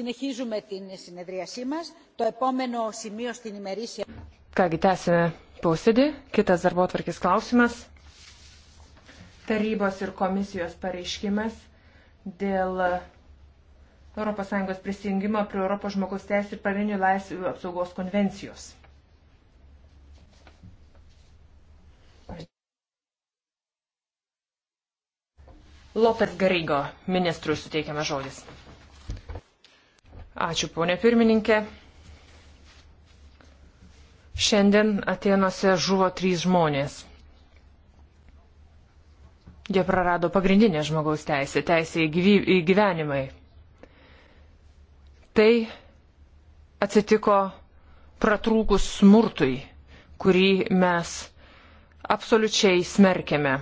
Συνεχίζουμε την συνεδρίασή μας. Το επόμενο σημείο στην ημερήσια... Kągi, tęsime posėdį. Kitas darbo atvarkis klausimas. Tarybos ir komisijos pareiškimas dėl ES prisijungimo prie Europos žmogaus teisų ir pavienių laisvių apsaugos konvencijos. Lopes Garigo ministrui suteikiamas žodis. Ačiū, ponė pirmininkė. Šiandien Atenose žuvo trys žmonės. Jie prarado pagrindinę žmogaus teisę, teisę į, gyvy, į gyvenimai. Tai atsitiko pratrūkus smurtui, kurį mes absoliučiai smerkėme.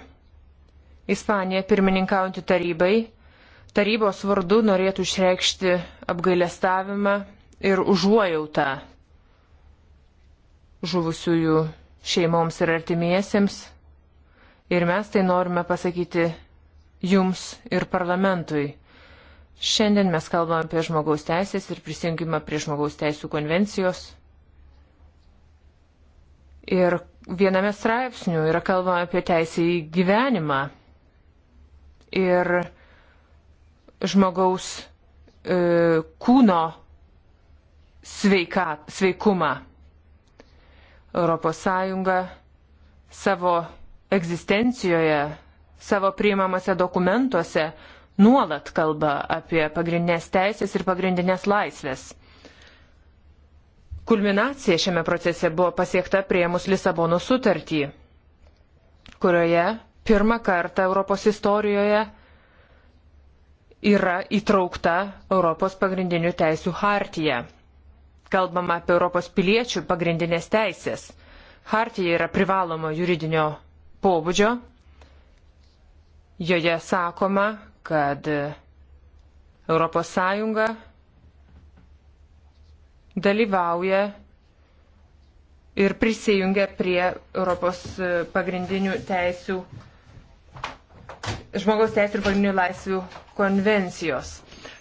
Ispanija pirmininkaujantį tarybai tarybos vardu norėtų išreikšti apgailestavimą ir užuojautą žuvusiųjų šeimoms ir artimiesiems. Ir mes tai norime pasakyti jums ir parlamentui. Šiandien mes kalbame apie žmogaus teisės ir prisijungimą prie žmogaus teisų konvencijos. Ir viename straipsnių yra kalbama apie teisę į gyvenimą. Ir žmogaus e, kūno sveika, sveikumą. ES savo egzistencijoje, savo priimamose dokumentuose nuolat kalba apie pagrindinės teisės ir pagrindinės laisvės. Kulminacija šiame procese buvo pasiekta prieimus Lisabono sutartį, kurioje pirmą kartą Europos istorijoje yra įtraukta Europos pagrindinių teisių hartija. Kalbama apie Europos piliečių pagrindinės teisės. Hartija yra privaloma juridinio pobūdžio. Joje sakoma, kad ES dalyvauja ir prisijungia prie Europos pagrindinių teisių hartijos žmogaus teisų ir pagrindinių laisvių konvencijos.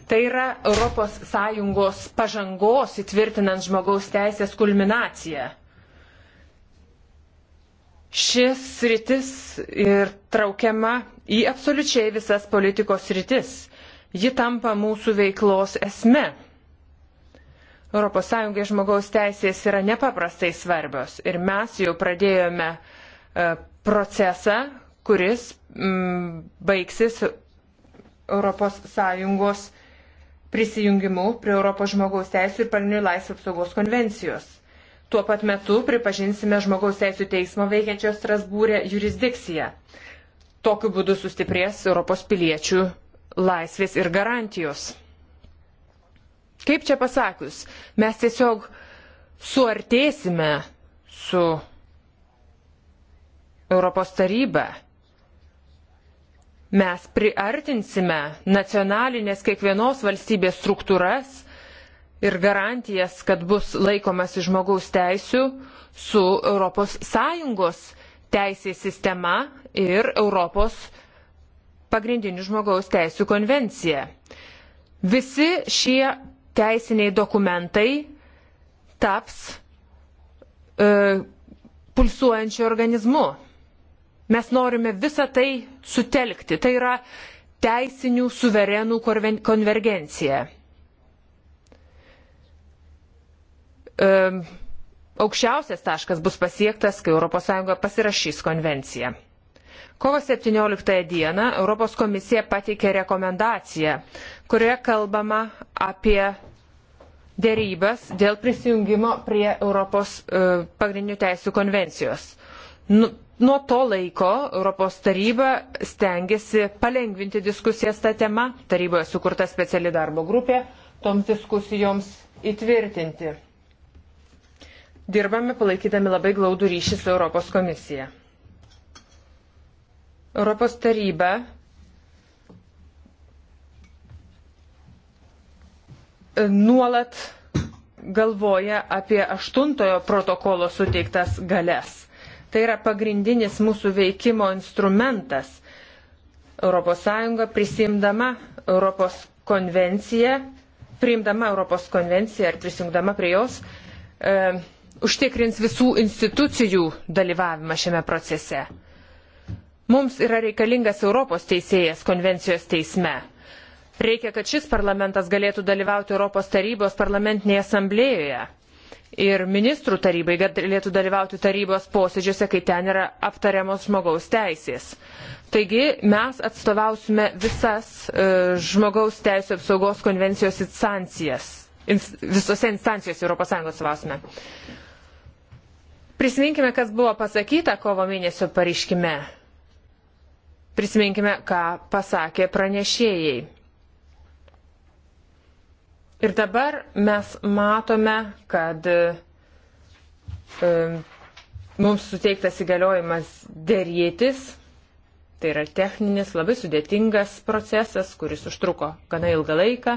Tai yra ES pažangos įtvirtinant žmogaus teisės kulminacija. Šis rytis ir traukiama į absoliučiai visas politikos rytis. Ji tampa mūsų veiklos esme. ES žmogaus teisės yra nepaprastai svarbios ir mes jau pradėjome e, procesą, kuris mm, baigsis ES prisijungimu prie Europos žmogaus teisų ir palinių laisvų apsaugos konvencijos. Tuo pat metu pripažinsime žmogaus teisų teismo veikiančios Strasbūrė jurisdikciją. Tokiu būdu sustiprės Europos piliečių laisvės ir garantijos. Kaip čia pasakius, mes tiesiog suartėsime su Europos taryba mes priartinsime nacionalinės kiekvienos valstybės struktūras ir garantijas, kad bus laikomasi žmogaus teisių su ES teisės sistema ir Europos pagrindinių žmogaus teisų konvencija. Visi šie teisiniai dokumentai taps e, pulsuojančiu organizmu Mes norime visą tai sutelkti. Tai yra teisinių suverenų konvergencija. Aukščiausias taškas bus pasiektas, kai ES pasirašys konvenciją. Kovo 17 dieną Europos komisija pateikė rekomendaciją, kurioje kalbama apie dėrybas dėl prisijungimo prie Europos e, pagrindinių teisų konvencijos. Nu, Nuo to laiko Europos taryba stengiasi palengvinti diskusijas tą temą. Taryboje sukurta speciali darbo grupė toms diskusijoms įtvirtinti. Dirbame palaikydami labai glaudų ryšį su Europos komisija. Europos taryba nuolat galvoja apie aštuntojo protokolo suteiktas galės Tai yra pagrindinis mūsų veikimo instrumentas. ES prisimdama Europos konvenciją, priimdama Europos konvenciją ar prisijungdama prie jos, e, užtikrins visų institucijų dalyvavimą šiame procese. Mums yra reikalingas Europos teisėjas konvencijos teisme. Reikia, kad šis parlamentas galėtų dalyvauti Europos tarybos parlamentinėje asamblėjoje ir ministrų tarybai galėtų dalyvauti tarybos posėdžiuose, kai ten yra aptariamos žmogaus teisės. Taigi mes atstovausime visas e, žmogaus teisų apsaugos konvencijos instancijas. Ins, visose instancijose ES atstovausime. Prisiminkime, kas buvo pasakyta kovo mėnesio pareiškime. Prisiminkime, ką pasakė pranešėjai. Ir dabar mes matome, kad mums suteiktas įgaliojimas dėrėtis. Tai yra techninis, labai sudėtingas procesas, kuris užtruko gana ilgą laiką.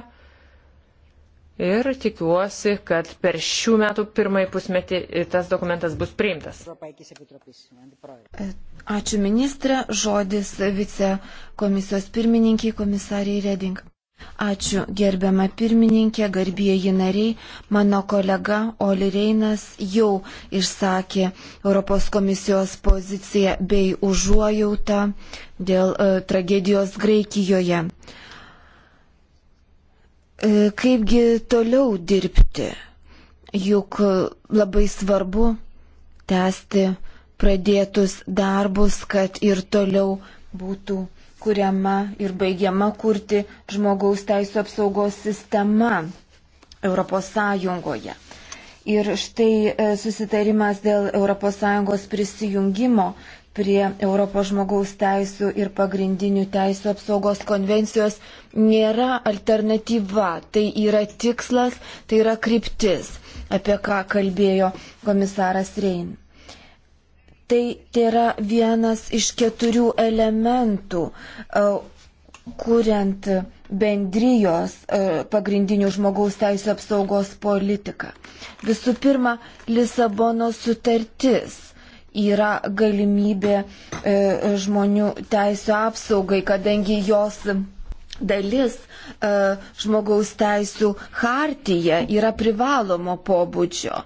Ir tikiuosi, kad per šių metų pirmąjį pusmetį tas dokumentas bus priimtas. Ačiū ministrė, žodis vicekomisijos pirmininkiai komisariai Reding. Ačiū gerbiama pirmininkė, garbėjai nariai. Mano kolega Oli Reinas jau išsakė Europos komisijos poziciją bei užuojautą dėl e, tragedijos Graikijoje. E, kaipgi toliau dirbti? Juk labai svarbu tęsti pradėtus darbus, kad ir toliau būtų kuriama ir baigiama kurti žmogaus teisų apsaugos sistema Europos Sąjungoje. Ir štai e, susitarimas dėl ES prisijungimo prie Europos žmogaus teisų ir pagrindinių teisų apsaugos konvencijos nėra alternatyva, tai yra tikslas, tai yra kryptis, apie ką kalbėjo komisaras Rein. Tai, tai yra vienas iš keturių elementų, e, kuriant bendrijos e, pagrindinių žmogaus teisų apsaugos politiką. Visų pirma, Lisabono sutartis yra galimybė e, žmonių teisų apsaugai, kadangi jos dalis žmogaus teisų hartija yra privalomo pobūdžio.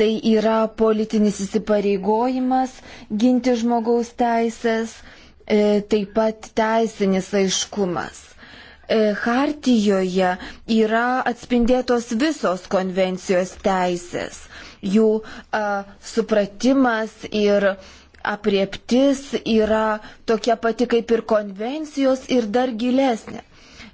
Tai yra politinis įsipareigojimas ginti žmogaus teisės, e, taip pat teisinis aiškumas. E, Hartijoje yra atspindėtos visos konvencijos teisės, jų a, supratimas ir apriektis yra tokia pati kaip ir konvencijos ir dar gilesnė.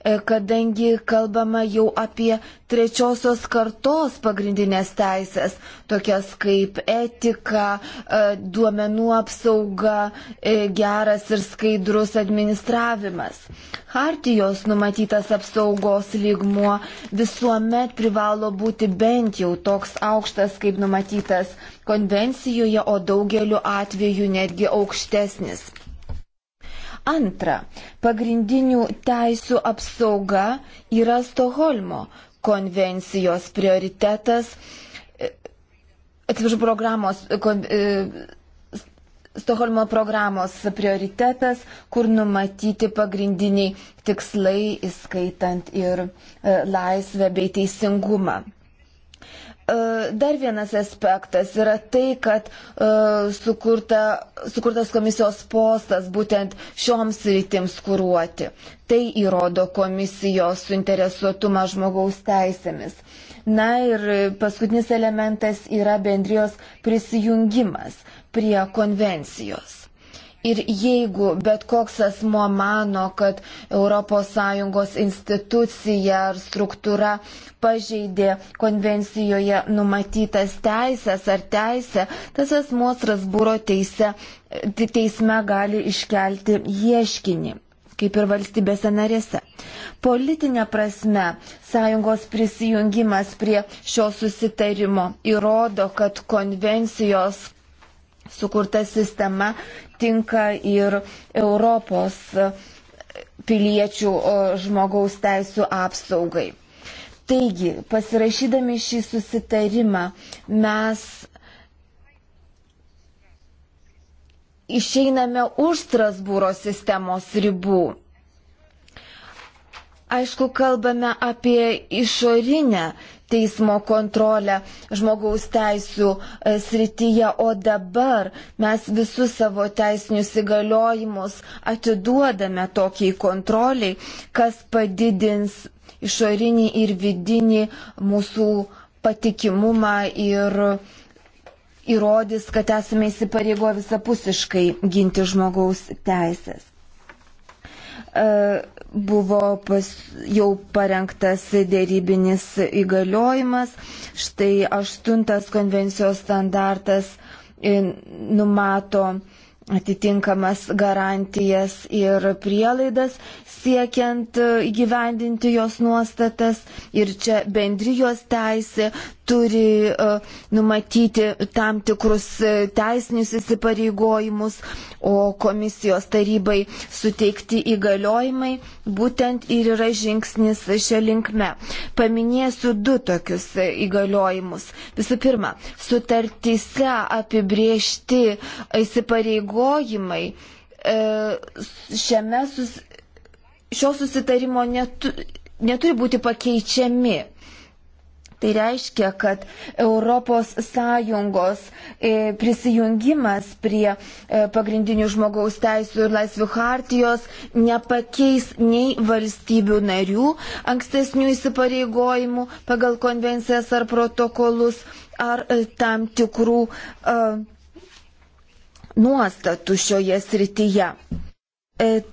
E, kadangi kalbama jau apie trečiosios kartos pagrindinės teisės, tokias kaip etika, e, duomenų apsauga, e, geras ir skaidrus administravimas. Hartijos numatytas apsaugos lygmuo visuomet privalo būti bent jau toks aukštas, kaip numatytas konvencijoje, o daugeliu atveju netgi aukštesnis. Antra, pagrindinių teisų apsauga yra Stoholmo konvencijos prioritetas, e, atsiprašau, programos. E, kon, e, Stoholmo programos prioritetas, kur numatyti pagrindiniai tikslai, įskaitant ir e, laisvę bei teisingumą. E, dar vienas aspektas yra tai, kad e, sukurta, sukurtas komisijos postas būtent šioms rytims kūruoti. Tai įrodo komisijos suinteresuotumą žmogaus teisėmis. Na ir paskutinis elementas yra bendrijos prisijungimas prie konvencijos. Ir jeigu bet koks asmo mano, kad ES institucija ar struktūra pažeidė konvencijoje numatytas teisės ar teisę, tas asmo Strasbūro teise, teisme gali iškelti ieškinį kaip ir valstybėse narėse. Politinė prasme, sąjungos prisijungimas prie šio susitarimo įrodo, kad konvencijos sukurta sistema tinka ir Europos piliečių žmogaus teisų apsaugai. Taigi, pasirašydami šį susitarimą, mes išeiname už Strasbūro sistemos ribų. Aišku, kalbame apie išorinę teismo kontrolę žmogaus teisų e, srityje, o dabar mes visus savo teisinius įgaliojimus atiduodame tokiai kontroliai, kas padidins išorinį ir vidinį mūsų patikimumą ir įrodys, kad esame įsipareigo visapusiškai ginti žmogaus teisės. E, buvo pas, jau parengtas dėrybinis įgaliojimas. Štai aštuntas konvencijos standartas e, numato atitinkamas garantijas ir prielaidas siekiant įgyvendinti jos nuostatas ir čia bendrijos teisė turi e, numatyti tam tikrus e, teisinius įsipareigojimus, o komisijos tarybai suteikti įgaliojimai būtent ir yra žingsnis šią linkme. Paminėsiu du tokius e, įgaliojimus. Visų pirma, sutartyse apibriežti įsipareigojimai šiame sus, šio susitarimo netu, neturi būti pakeičiami. Tai reiškia, kad ES e, prisijungimas prie e, pagrindinių žmogaus teisų ir laisvių hartijos nepakeis nei valstybių narių ankstesnių įsipareigojimų pagal konvencijas ar protokolus ar e, tam tikrų uh, nuostatų šioje srityje.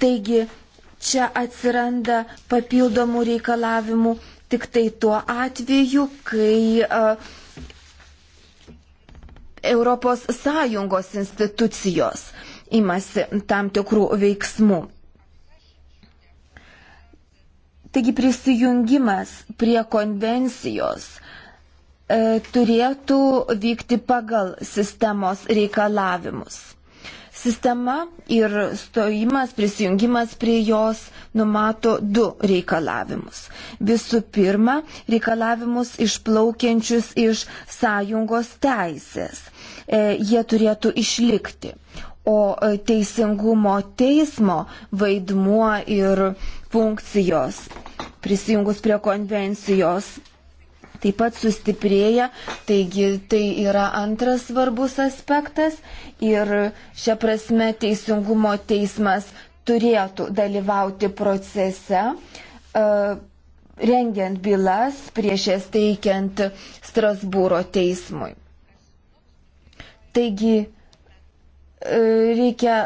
Taigi čia atsiranda papildomų reikalavimų tik tai tuo atveju, kai Europos Sąjungos institucijos imasi tam tikrų veiksmų. Taigi prisijungimas prie konvencijos e, turėtų vykti pagal sistemos reikalavimus sistema ir stojimas, prisijungimas prie jos numato du reikalavimus. Visų pirma, reikalavimus išplaukiančius iš sąjungos teisės. E, jie turėtų išlikti. O e, teisingumo teismo vaidmuo ir funkcijos prisijungus prie konvencijos taip pat sustiprėja, taigi tai yra antras svarbus aspektas ir šia prasme teisingumo teismas turėtų dalyvauti procese, e, rengiant bylas prieš jas teikiant Strasbūro teismui. Taigi e, reikia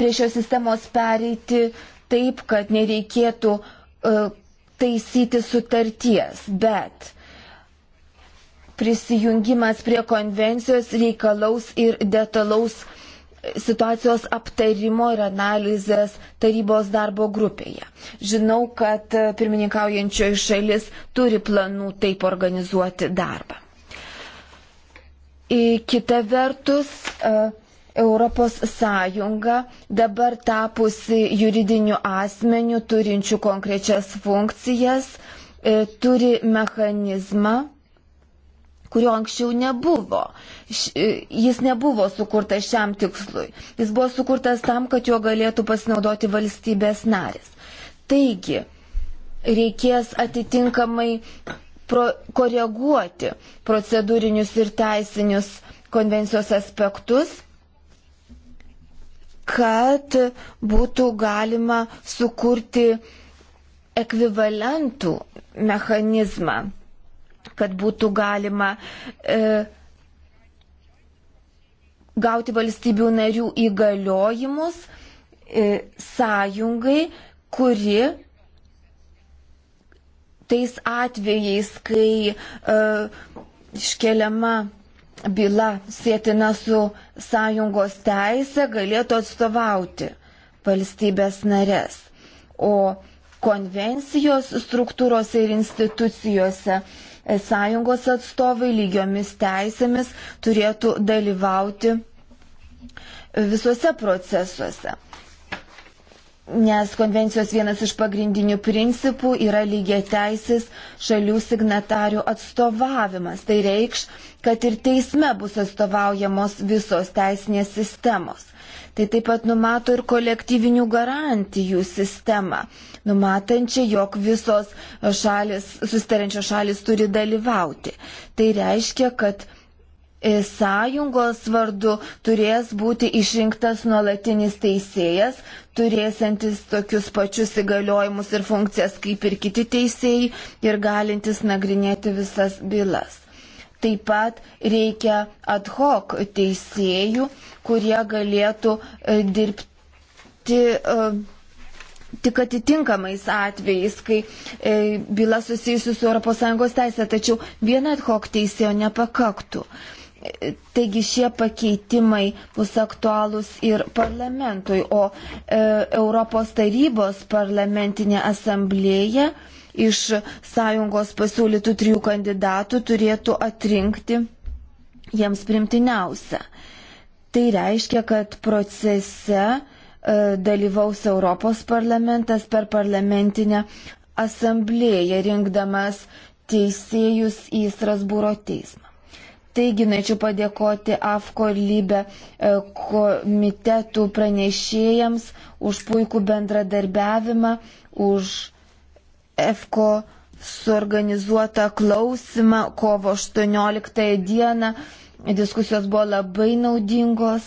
prie šios sistemos pereiti taip, kad nereikėtų e, taisyti sutarties, bet prisijungimas prie konvencijos reikalaus ir detalaus situacijos aptarimo ir analizės tarybos darbo grupėje. Žinau, kad pirmininkaujančioji šalis turi planų taip organizuoti darbą. Ir kita vertus, e, Europos Sąjunga dabar tapusi juridiniu asmeniu turinčiu konkrečias funkcijas, e, turi mechanizmą kurio anksčiau nebuvo. E, jis nebuvo sukurtas šiam tikslui. Jis buvo sukurtas tam, kad juo galėtų pasinaudoti valstybės narės. Taigi, reikės atitinkamai pro, koreguoti procedūrinius ir teisinius konvencijos aspektus kad būtų galima sukurti ekvivalentų mechanizmą kad būtų galima e, gauti valstybių narių įgaliojimus e, sąjungai, kuri tais atvejais, kai e, iškeliama byla sėtina su sąjungos teise, galėtų atstovauti valstybės narės. O konvencijos struktūrose ir institucijose sąjungos atstovai lygiomis teisėmis turėtų dalyvauti visuose procesuose. Nes konvencijos vienas iš pagrindinių principų yra lygiai teisės šalių signatarių atstovavimas. Tai reikš, kad ir teisme bus atstovaujamos visos teisinės sistemos. Tai taip pat numato ir kolektyvinių garantijų sistemą, numatančią, jog visos šalis, sustarančios šalis turi dalyvauti. Tai reiškia, kad e, sąjungos vardu turės būti išrinktas nuolatinis teisėjas, turėsantis tokius pačius įgaliojimus ir funkcijas kaip ir kiti teisėjai ir galintis nagrinėti visas bylas. Taip pat reikia ad hoc teisėjų, kurie galėtų e, dirbti e, tik atitinkamais atvejais, kai e, byla susijusi su ES teisė, tačiau viena ad hoc teisėjo nepakaktų. Taigi šie pakeitimai bus aktualūs ir parlamentui, o e, Europos tarybos parlamentinė asamblėja e, iš sąjungos pasiūlytų trijų kandidatų turėtų atrinkti jiems primtiniausią. Tai reiškia, kad procese e, dalyvaus Europos parlamentas per parlamentinę asamblėją rinkdamas teisėjus į Strasbūro teismą. Taigi, norėčiau padėkoti AFKO ir LYBE e, komitetų pranešėjams už puikų bendradarbiavimą, už EFKO suorganizuotą klausimą kovo 18 dieną. Diskusijos buvo labai naudingos.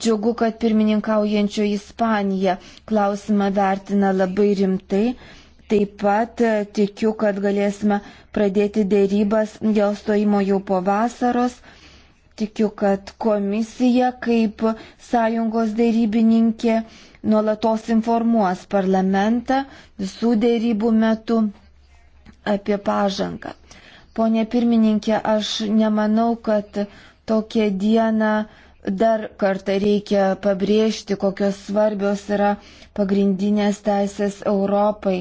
Džiugu, kad pirmininkaujančio Ispanija klausimą vertina labai rimtai. Taip pat e, tikiu, kad galėsime pradėti dėrybas dėl stojimo jau po vasaros. Tikiu, kad komisija kaip sąjungos dėrybininkė nuolatos informuos parlamentą visų dėrybų metu apie pažangą. Pone pirmininkė, aš nemanau, kad tokią dieną dar kartą reikia pabrėžti, kokios svarbios yra pagrindinės teisės Europai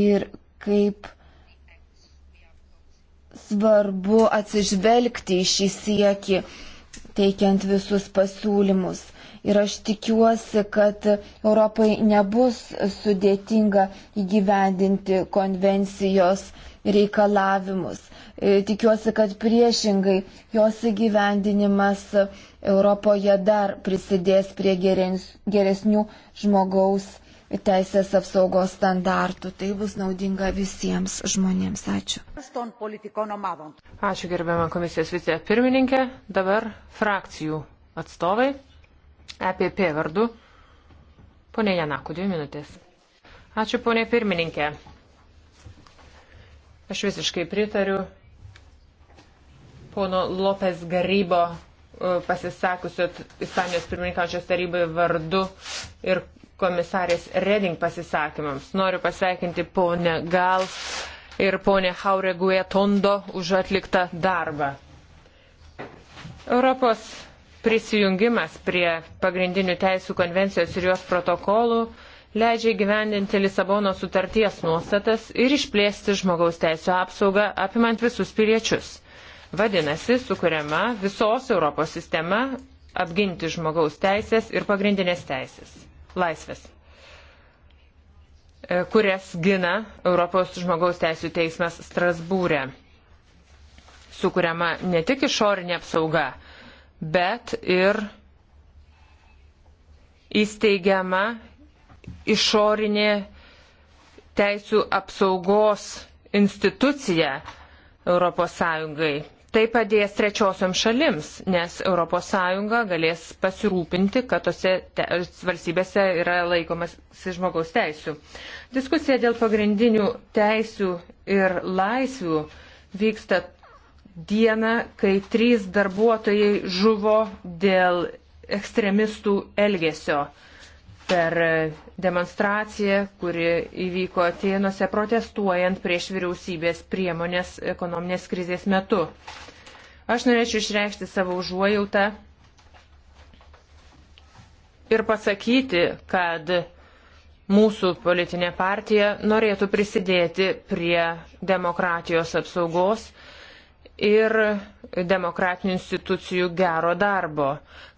ir kaip svarbu atsižvelgti į šį siekį, teikiant visus pasiūlymus ir aš tikiuosi, kad Europai nebus sudėtinga įgyvendinti konvencijos reikalavimus. E, tikiuosi, kad priešingai jos įgyvendinimas Europoje dar prisidės prie geresnių žmogaus teisės apsaugos standartų. Tai bus naudinga visiems žmonėms. Ačiū. Ačiū gerbiamą komisijos vicepirmininkę. Dabar frakcijų atstovai. EPP vardu. Pone Janaku, dvi minutės. Ačiū, ponė pirmininkė. Aš visiškai pritariu pono Lopes Garybo e, pasisakusio Ispanijos pirmininkančios tarybai vardu ir komisarės Reding pasisakymams. Noriu pasveikinti ponę Gal ir ponę Haureguetondo už atliktą darbą. Europos prisijungimas prie pagrindinių teisų konvencijos ir jos protokolų leidžia gyvendinti Lisabono sutarties nuostatas ir išplėsti žmogaus teisų apsaugą apimant visus piliečius. Vadinasi, sukuriama visos Europos sistema apginti žmogaus teisės ir pagrindinės teisės - laisvės, e, kurias gina Europos žmogaus teisų teismas Strasbūrė. Sukuriama ne tik išorinė apsauga, bet ir įsteigiama išorinė teisų apsaugos institucija ES. Tai padės trečiosiom šalims, nes ES galės pasirūpinti, kad tose te, valstybėse yra laikomas žmogaus teisų. Diskusija dėl pagrindinių teisų ir laisvių vyksta dieną, kai trys darbuotojai žuvo dėl ekstremistų elgesio per demonstraciją, kuri įvyko Atenuose protestuojant prieš vyriausybės priemonės ekonominės krizės metu. Aš norėčiau išreikšti savo užuojautą ir pasakyti, kad mūsų politinė partija norėtų prisidėti prie demokratijos apsaugos ir demokratinių institucijų gero darbo.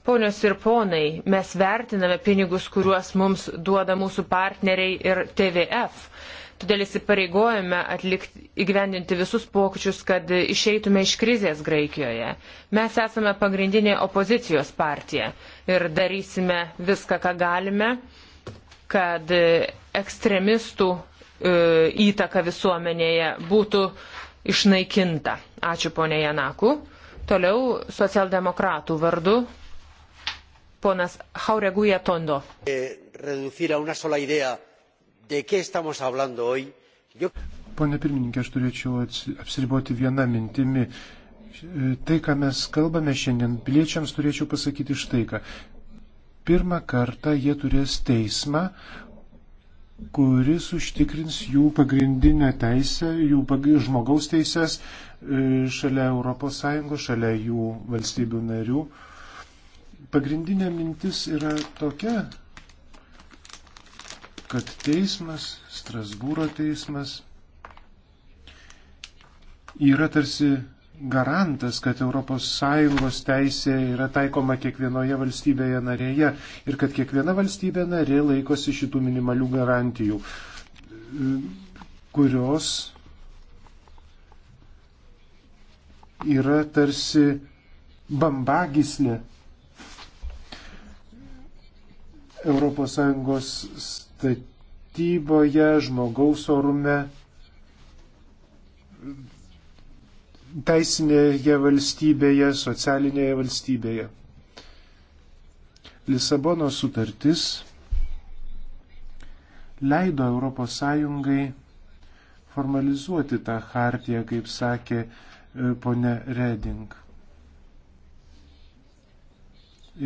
Ponios ir ponai, mes vertiname pinigus, kuriuos mums duoda mūsų partneriai ir TVF. Todėl įsipareigojame atlikti, įgyvendinti visus pokyčius, kad išeitume iš krizės Graikijoje. Mes esame pagrindinė opozicijos partija ir darysime viską, ką galime, kad ekstremistų e, įtaka visuomenėje būtų e, išnaikinta. Ačiū ponė Janaku. Toliau socialdemokratų vardu ponas Jaureguja Tondo. E, Pone pirmininkė, aš turėčiau apsiriboti vieną mintimį. E, tai, ką mes kalbame šiandien, piliečiams turėčiau pasakyti štai ką. Pirmą kartą jie turės teismą, kuris užtikrins jų pagrindinę teisę, jų žmogaus teises e, šalia ES, šalia jų valstybių narių. Pagrindinė mintis yra tokia, kad teismas, Strasbūro teismas, yra tarsi garantas, kad ES teisė yra taikoma kiekvienoje valstybėje narėje ir kad kiekviena valstybė narė laikosi šitų minimalių garantijų, kurios yra tarsi bambagislė ES statyboje, žmogaus orume teisinėje valstybėje, socialinėje valstybėje. Lisabono sutartis leido ES formalizuoti tą hartiją, kaip sakė e, ponė Reding.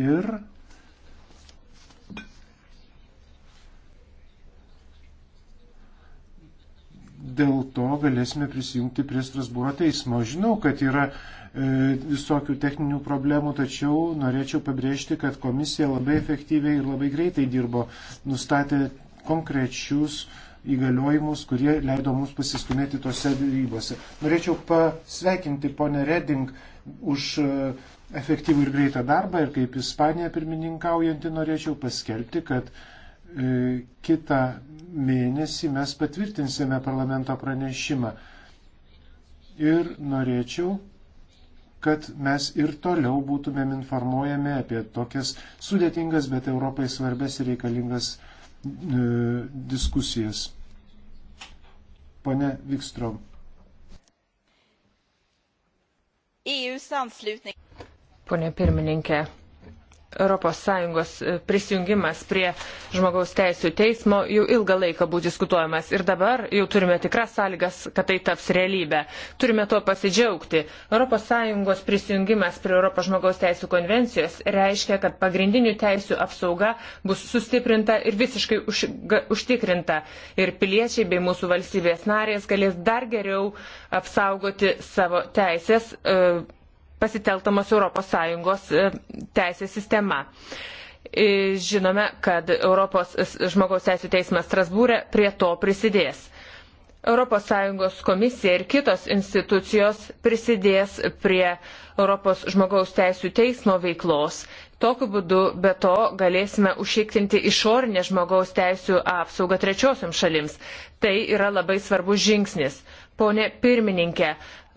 Ir dėl to galėsime prisijungti prie Strasbūro teismo. Žinau, kad yra e, visokių techninių problemų, tačiau norėčiau pabrėžti, kad komisija labai efektyviai ir labai greitai dirbo, nustatė konkrečius įgaliojimus, kurie leido mums pasistumėti tose dėrybose. Norėčiau pasveikinti ponę Reding už e, efektyvų ir greitą darbą ir kaip Ispanija pirmininkaujanti norėčiau paskelbti, kad uh, E, kitą mėnesį mes patvirtinsime parlamento pranešimą. Ir norėčiau, kad mes ir toliau būtumėm informuojami apie tokias sudėtingas, bet Europai svarbės ir reikalingas e, diskusijas. Pane Vikstrom. E Pone pirmininkė, ES e, prisijungimas prie žmogaus teisų teismo jau ilgą laiką buvo diskutuojamas ir dabar jau turime tikras sąlygas, kad tai taps realybė. Turime tuo pasidžiaugti. ES prisijungimas prie ES konvencijos reiškia, kad pagrindinių teisų apsauga bus sustiprinta ir visiškai už, ga, užtikrinta ir piliečiai bei mūsų valstybės narės galės dar geriau apsaugoti savo teisės. E, pasiteltamas ES e, teisės sistema. E, žinome, kad Europos žmogaus teisų teismas Strasbūrė prie to prisidės. ES komisija ir kitos institucijos prisidės prie Europos žmogaus teisų teismo veiklos. Tokiu būdu be to galėsime užšiktinti išorinę žmogaus teisų apsaugą trečiosiam šalims. Tai yra labai svarbus žingsnis. Pone pirmininkė,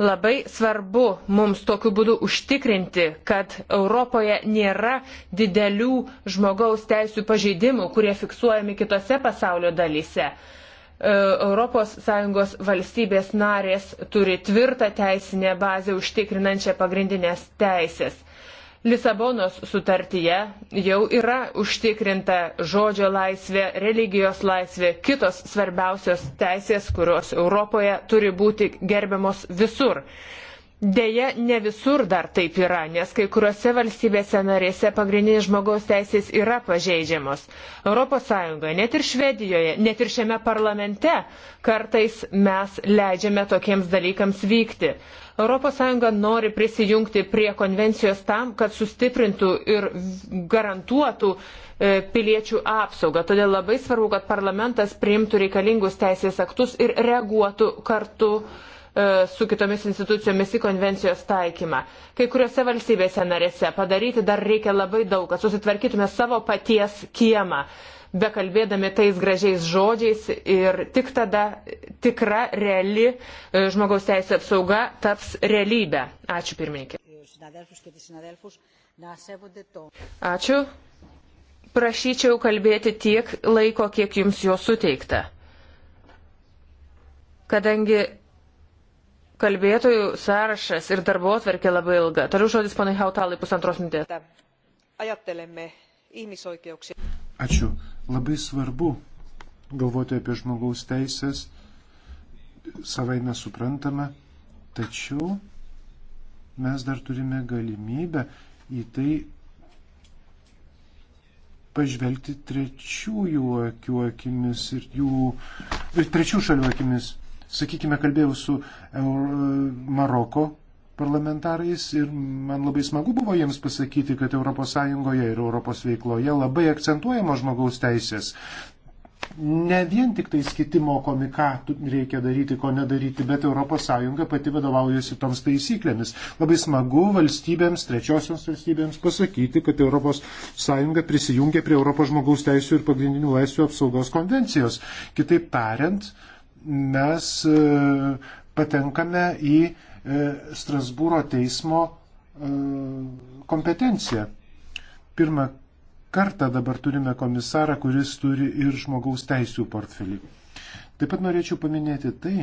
Labai svarbu mums tokiu būdu užtikrinti, kad Europoje nėra didelių žmogaus teisų pažeidimų, kurie fiksuojami kitose pasaulio dalyse. ES valstybės narės turi tvirtą teisinę bazę užtikrinančią pagrindinės teisės. Lisabonos sutartyje jau yra užtikrinta žodžio laisvė, religijos laisvė, kitos svarbiausios teisės, kurios Europoje turi būti gerbiamos visur. Deja, ne visur dar taip yra, nes kai kuriuose valstybėse narėse pagrindinės žmogaus teisės yra pažeidžiamos. ES, net ir Švedijoje, net ir šiame parlamente kartais mes leidžiame tokiems dalykams vykti. ES nori prisijungti prie konvencijos tam, kad sustiprintų ir garantuotų e, piliečių apsaugą. Todėl labai svarbu, kad parlamentas priimtų reikalingus teisės aktus ir reaguotų kartu e, su kitomis institucijomis į konvencijos taikymą. Kai kuriuose valstybėse narėse padaryti dar reikia labai daug, kad susitvarkytume savo paties kiemą bekalbėdami tais gražiais žodžiais ir tik tada tikra, reali e, žmogaus teisė apsauga taps realybę. Ačiū pirmininkė. Ačiū. Prašyčiau kalbėti tiek laiko, kiek jums jo suteikta. Kadangi kalbėtojų sąrašas ir darbo atverkė labai ilga. Toliau žodis ponai Hautalai pusantros minutės. Ajattelemme ihmisoikeuksia. Ačiū. Labai svarbu galvoti apie žmogaus teisės, savai mes suprantame, tačiau mes dar turime galimybę į tai pažvelgti trečiųjų akių akimis ir jų, ir trečių šalių akimis. Sakykime, kalbėjau su Euro, Maroko parlamentarais ir man labai smagu buvo jiems pasakyti, kad ES ir Europos veikloje labai akcentuojamos žmogaus teisės. Ne vien tik tai skitimo komiką reikia daryti, ko nedaryti, bet ES pati vadovaujasi toms taisyklėmis. Labai smagu valstybėms, trečiosioms valstybėms pasakyti, kad ES prisijungia prie Europos žmogaus teisų ir pagrindinių laisvių apsaugos konvencijos. Kitaip tariant, mes e, patenkame į uh, E, Strasbūro teismo e, kompetencija. Pirmą kartą dabar turime komisarą, kuris turi ir žmogaus teisų portfelį. Taip pat norėčiau paminėti tai,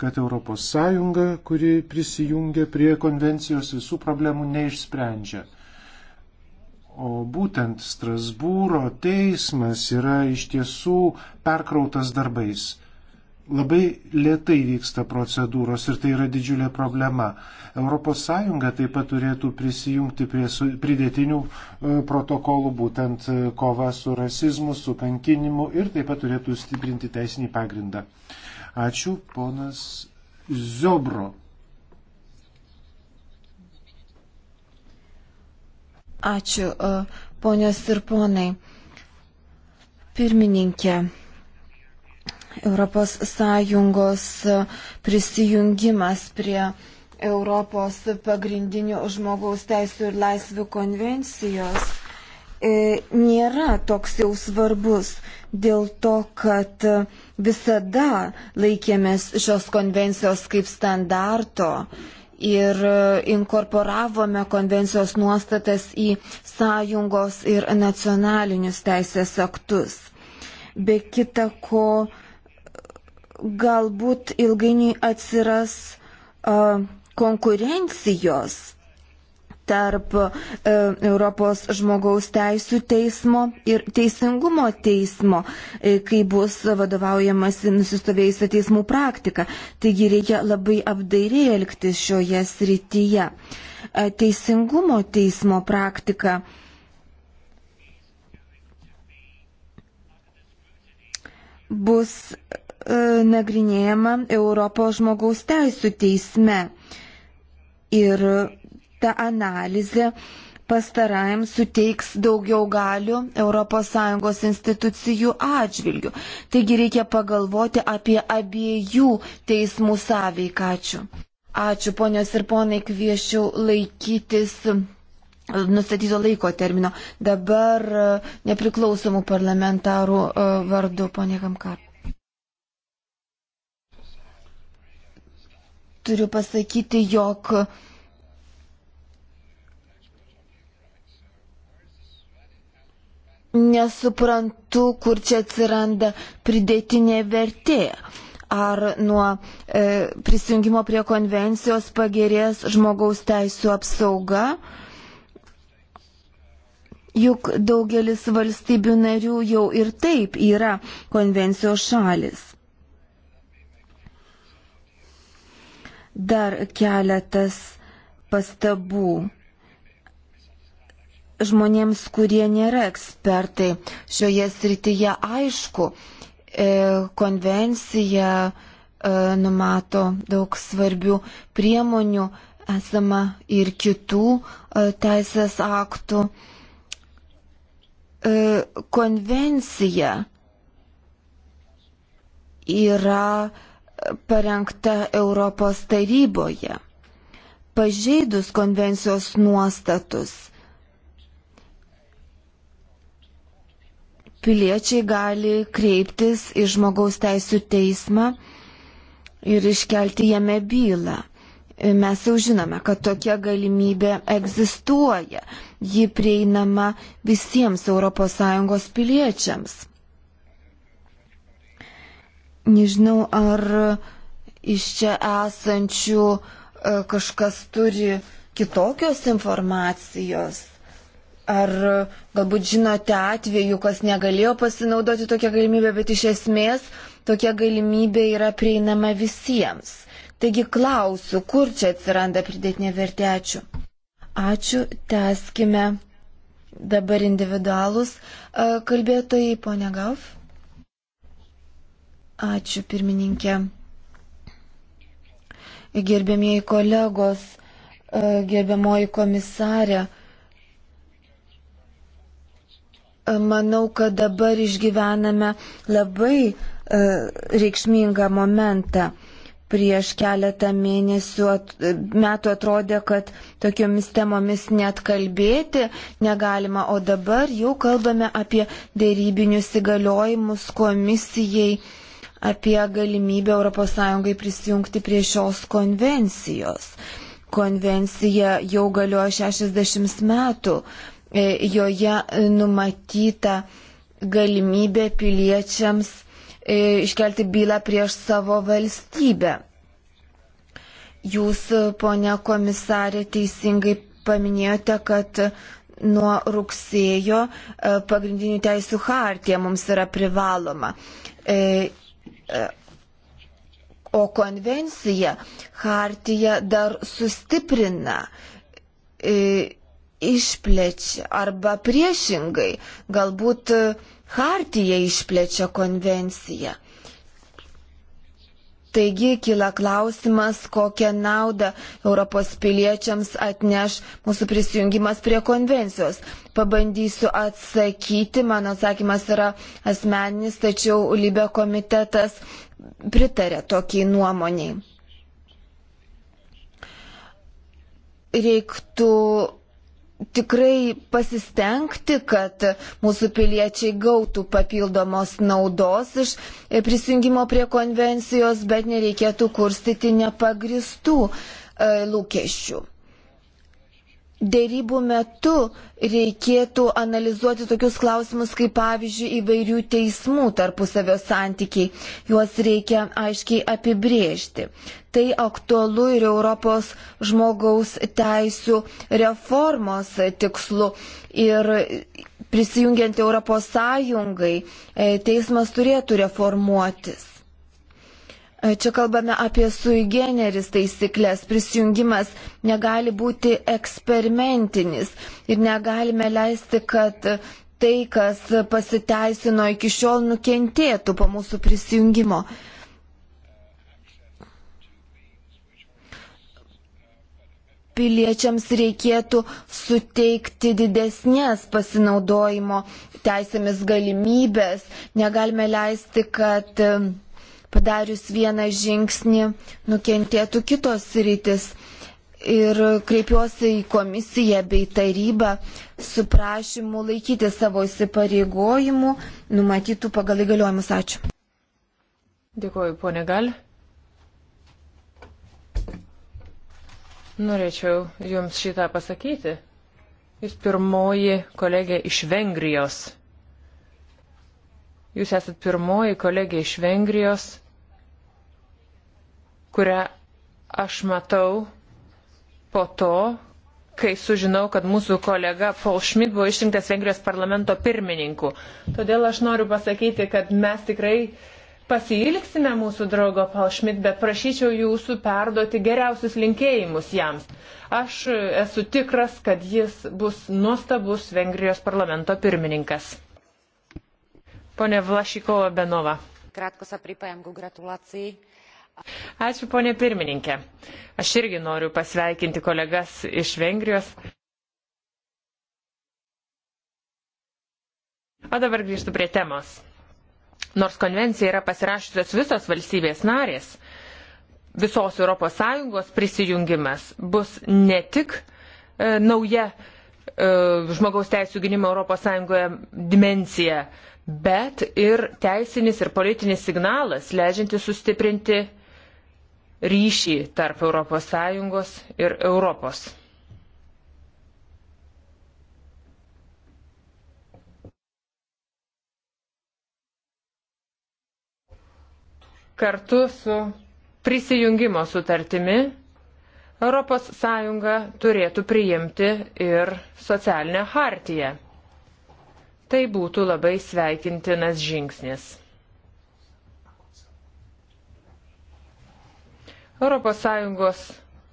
kad ES, kuri prisijungia prie konvencijos, visų problemų neišsprendžia. O būtent Strasbūro teismas yra iš tiesų perkrautas darbais. Labai lietai vyksta procedūros ir tai yra didžiulė problema. ES taip pat turėtų prisijungti prie pridėtinių e, protokolų, būtent e, kova su rasizmu, su kankinimu ir taip pat turėtų stiprinti teisinį pagrindą. Ačiū, ponas Ziobro. Ačiū, e, ponios ir ponai. Pirmininkė. ES prisijungimas prie Europos pagrindinių žmogaus teisų ir laisvių konvencijos e, nėra toks jau svarbus dėl to, kad visada laikėmės šios konvencijos kaip standarto ir inkorporavome konvencijos nuostatas į sąjungos ir nacionalinius teisės aktus. Be kita ko, galbūt ilgainiui atsiras uh, konkurencijos tarp uh, Europos žmogaus teisų teismo ir teisingumo teismo, e, kai bus vadovaujamasi nusistovėjusią teismų praktiką. Taigi reikia labai apdairiai elgtis šioje srityje. Uh, teisingumo teismo praktika bus E, nagrinėjama Europos žmogaus teisų teisme. Ir ta analizė pastarajam suteiks daugiau galių ES institucijų atžvilgių. Taigi reikia pagalvoti apie abiejų teismų sąveiką. Ačiū. Ačiū, ponios ir ponai, kviešiu laikytis nustatyto laiko termino. Dabar nepriklausomų parlamentarų e, vardu, ponė Kamkar. turiu pasakyti, jog nesuprantu, kur čia atsiranda pridėtinė vertė. Ar nuo e, prisijungimo prie konvencijos pagerės žmogaus teisų apsauga? Juk daugelis valstybių narių jau ir taip yra konvencijos šalis. Dar keletas pastabų žmonėms, kurie nėra ekspertai šioje srityje. Aišku, e, konvencija e, numato daug svarbių priemonių, esama ir kitų e, teisės aktų. Konvencija yra parengta Europos taryboje. Pažeidus konvencijos nuostatus, piliečiai gali kreiptis į žmogaus teisų teismą ir iškelti jame bylą. Mes jau žinome, kad tokia galimybė egzistuoja. Ji prieinama visiems ES piliečiams. Nežinau, ar iš čia esančių e, kažkas turi kitokios informacijos. Ar e, galbūt žinote atveju, kas negalėjo pasinaudoti tokią galimybę, bet iš esmės tokia galimybė yra prieinama visiems. Taigi klausiu, kur čia atsiranda pridėtinė vertė. Ačiū. Ačiū, teskime dabar individualus e, kalbėtojai, ponia Gauf. Ačiū pirmininkė. Gerbėmieji kolegos, e, gerbiamoji komisarė. E, manau, kad dabar išgyvename labai e, reikšmingą momentą prieš keletą mėnesių at, metų atrodė, kad tokiomis temomis net kalbėti negalima, o dabar jau kalbame apie dėrybinius įgaliojimus komisijai apie galimybę ES prisijungti prie šios konvencijos. Konvencija jau galioja 60 metų, e, joje numatyta galimybė piliečiams e, iškelti bylą prieš savo valstybę. Jūs, ponia komisarė, teisingai paminėjote, kad nuo rugsėjo e, pagrindinių teisų hartija mums yra privaloma. E, o konvencija Hartija dar sustiprina, e, išplečia arba priešingai, galbūt Hartija išplečia konvenciją. Taigi kyla klausimas, kokią naudą Europos piliečiams atneš mūsų prisijungimas prie konvencijos pabandysiu atsakyti. Mano atsakymas yra asmeninis, tačiau Libė komitetas pritarė tokiai nuomoniai. Reiktų tikrai pasistengti, kad mūsų piliečiai gautų papildomos naudos iš prisijungimo prie konvencijos, bet nereikėtų kurstyti nepagristų e, lūkesčių dėrybų metu reikėtų analizuoti tokius klausimus, kaip pavyzdžiui įvairių teismų tarpusavio santykiai. Juos reikia aiškiai apibriežti. Tai aktualu ir Europos žmogaus teisų reformos tikslu. Ir prisijungiant Europos Sąjungai, e, teismas turėtų reformuotis. E, čia kalbame apie suigeneris taisyklės. Prisijungimas negali būti eksperimentinis ir negalime leisti, kad tai, kas pasiteisino iki šiol, nukentėtų po mūsų prisijungimo. Piliečiams reikėtų suteikti didesnės pasinaudojimo teisėmis galimybės. Negalime leisti, kad padarius vieną žingsnį nukentėtų kitos rytis. Ir kreipiuosi į komisiją bei tarybą su prašymu laikyti savo įsipareigojimų numatytų pagal įgaliojimus. Ačiū. Dėkuoju, ponė Gal. Norėčiau Jums šitą pasakyti. Jūs pirmoji kolegė iš Vengrijos. Jūs esat pirmoji kolegė iš Vengrijos, kurią aš matau po to, kai sužinau, kad mūsų kolega Paul Schmidt buvo išrinktas Vengrijos parlamento pirmininku. Todėl aš noriu pasakyti, kad mes tikrai pasiilgsime mūsų draugo Paul Schmidt, bet prašyčiau jūsų perduoti geriausius linkėjimus jam. Aš esu tikras, kad jis bus nuostabus Vengrijos parlamento pirmininkas. Pone Vlašikova Benova. Krátko sa pripájam k gratulácii Ačiū, ponė pirmininkė. Aš irgi noriu pasveikinti kolegas iš Vengrijos. O dabar grįžtu prie temos. Nors konvenciją yra pasirašytos visos valstybės narės, visos ES prisijungimas bus ne tik e, nauja e, žmogaus teisų gynimo ES dimencija, bet ir teisinis ir politinis signalas, leidžiantis sustiprinti ryšį tarp ES ir Europos. Kartu su prisijungimo sutartimi ES turėtų priimti ir socialinę hartiją. Tai būtų labai sveikintinas žingsnis. ES